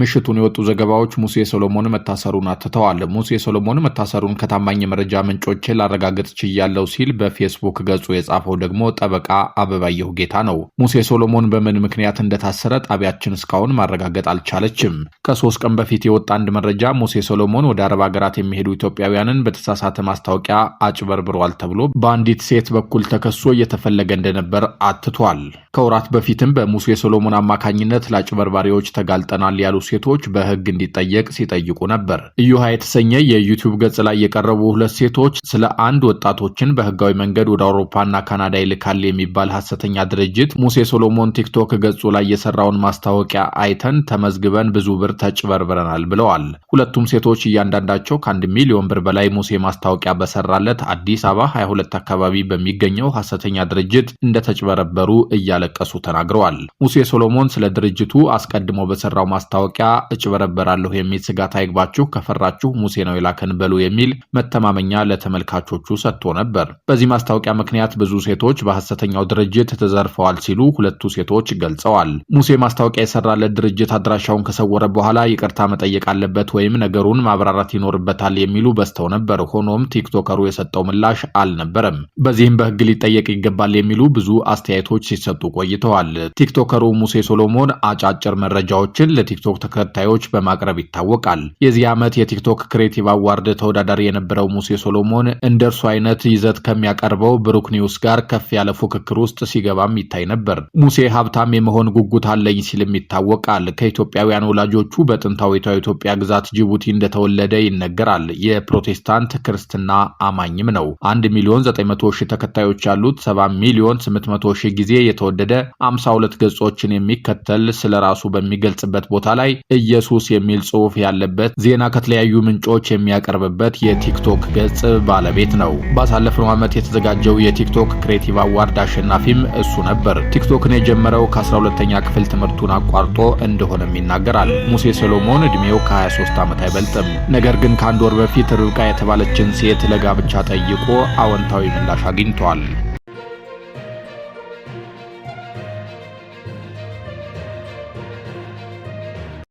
ምሽቱን የወጡ ዘገባዎች ሙሴ ሰሎሞን መታሰሩን አትተዋል። ሙሴ ሰሎሞን መታሰሩን ከታማኝ የመረጃ ምንጮቼ ላረጋግጥ ችያለው ሲል በፌስቡክ ገጹ የጻፈው ደግሞ ጠበቃ አበባየሁ ጌታ ነው። ሙሴ ሶሎሞን በምን ምክንያት እንደታሰረ ጣቢያችን እስካሁን ማረጋገጥ አልቻለችም። ከሶስት ቀን በፊት የወጣ አንድ መረጃ ሙሴ ሰሎሞን ወደ አረብ ሀገራት የሚሄዱ ኢትዮጵያውያንን በተሳሳተ ማስታወቂያ አጭበርብሯል ተብሎ በአንዲት ሴት በኩል ተከሶ እየተፈለገ እንደነበር አትቷል። ከወራት በፊትም በሙሴ ሰሎሞን አማካኝነት ለአጭበርባሪዎች ተጋልጠናል ያሉ ሴቶች በህግ እንዲጠየቅ ሲጠይቁ ነበር። እዩሃ የተሰኘ የዩቲዩብ ገጽ ላይ የቀረቡ ሁለት ሴቶች ስለ አንድ ወጣቶችን በህጋዊ መንገድ ወደ አውሮፓና ካናዳ ይልካል የሚባል ሀሰተኛ ድርጅት ሙሴ ሶሎሞን ቲክቶክ ገጹ ላይ የሰራውን ማስታወቂያ አይተን ተመዝግበን ብዙ ብር ተጭበርብረናል ብለዋል። ሁለቱም ሴቶች እያንዳንዳቸው ከአንድ ሚሊዮን ብር በላይ ሙሴ ማስታወቂያ በሰራለት አዲስ አበባ 22 አካባቢ በሚገኘው ሀሰተኛ ድርጅት እንደተጭበረበሩ እያለቀሱ ተናግረዋል። ሙሴ ሶሎሞን ስለ ድርጅቱ አስቀድሞ በሰራው ማስታወቂያ ማስታወቂያ እጭበረበራለሁ የሚል ስጋት አይግባችሁ፣ ከፈራችሁ ሙሴ ነው የላከን በሉ የሚል መተማመኛ ለተመልካቾቹ ሰጥቶ ነበር። በዚህ ማስታወቂያ ምክንያት ብዙ ሴቶች በሐሰተኛው ድርጅት ተዘርፈዋል ሲሉ ሁለቱ ሴቶች ገልጸዋል። ሙሴ ማስታወቂያ የሰራለት ድርጅት አድራሻውን ከሰወረ በኋላ ይቅርታ መጠየቅ አለበት ወይም ነገሩን ማብራራት ይኖርበታል የሚሉ በዝተው ነበር። ሆኖም ቲክቶከሩ የሰጠው ምላሽ አልነበረም። በዚህም በህግ ሊጠየቅ ይገባል የሚሉ ብዙ አስተያየቶች ሲሰጡ ቆይተዋል። ቲክቶከሩ ሙሴ ሶሎሞን አጫጭር መረጃዎችን ለቲክቶክ ተከታዮች በማቅረብ ይታወቃል። የዚህ ዓመት የቲክቶክ ክሬቲቭ አዋርድ ተወዳዳሪ የነበረው ሙሴ ሶሎሞን እንደ እርሱ አይነት ይዘት ከሚያቀርበው ብሩክ ኒውስ ጋር ከፍ ያለ ፉክክር ውስጥ ሲገባም ይታይ ነበር። ሙሴ ሀብታም የመሆን ጉጉት አለኝ ሲልም ይታወቃል። ከኢትዮጵያውያን ወላጆቹ በጥንታዊቷ ኢትዮጵያ ግዛት ጅቡቲ እንደተወለደ ይነገራል። የፕሮቴስታንት ክርስትና አማኝም ነው። አንድ ሚሊዮን ዘጠኝ መቶ ሺህ ተከታዮች ያሉት ሰባ ሚሊዮን ስምንት መቶ ሺህ ጊዜ የተወደደ አምሳ ሁለት ገጾችን የሚከተል ስለ ራሱ በሚገልጽበት ቦታ ላይ ላይ ኢየሱስ የሚል ጽሑፍ ያለበት ዜና ከተለያዩ ምንጮች የሚያቀርብበት የቲክቶክ ገጽ ባለቤት ነው። ባሳለፍነው ዓመት የተዘጋጀው የቲክቶክ ክሬቲቭ አዋርድ አሸናፊም እሱ ነበር። ቲክቶክን የጀመረው ከ12ተኛ ክፍል ትምህርቱን አቋርጦ እንደሆነም ይናገራል። ሙሴ ሰሎሞን ዕድሜው ከ23 ዓመት አይበልጥም። ነገር ግን ከአንድ ወር በፊት ርብቃ የተባለችን ሴት ለጋብቻ ጠይቆ አዎንታዊ ምላሽ አግኝቷል።